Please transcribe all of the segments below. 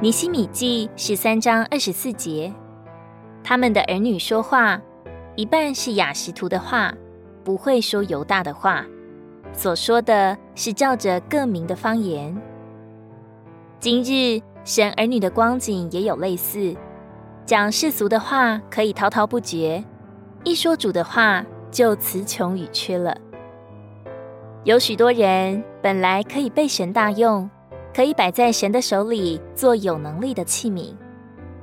尼西米記十三章二十四節，他們的兒女說話，一半是亞實突的話，不會說猶大的話，所說的是照着各民的方言。今日神兒女的光景也有類似，講世俗的話可以滔滔不絕，一說主的話就詞窮語缺了。有許多人本來可以被神大用。可以擺在神的手裡做有能力的器皿，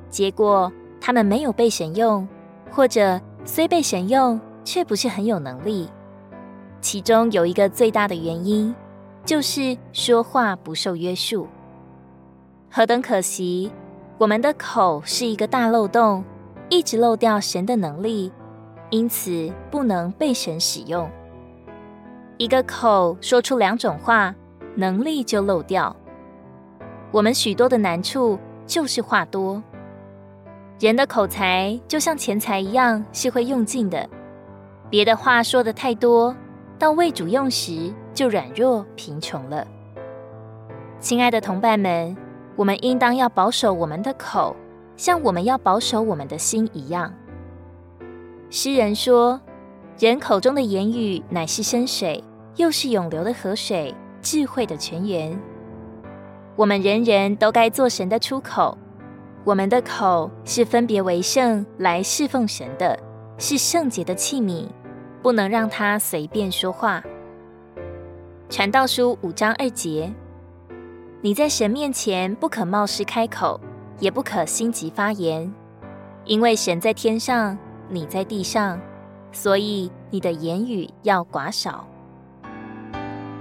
結果他們沒有被神用，或者雖被神用，却不是很有能力。其中有一個最大的原因，就是說話不受約束。何等可惜！我們的口是一個大漏洞，一直漏掉神的能力，因此不能被神使用。一個口說出兩種話，能力就漏掉。我們許多的難處就是話多，人的口才就像錢財一樣，是會用盡的。別的話說得太多，到為主用時就軟弱貧窮了。親愛的同伴們，我們應當要保守我們的口，像我們要保守我們的心一樣。詩人說：“人口中的言語乃是深水，又是湧流的河水，智慧的泉源。”我們人人都該做神的出口，我們的口是分別為聖來侍奉神的，是聖潔的器皿，不能讓它隨便說話。傳道書五章二節，你在神面前不可冒失開口，也不可心急發言，因為神在天上，你在地上，所以你的言語要寡少。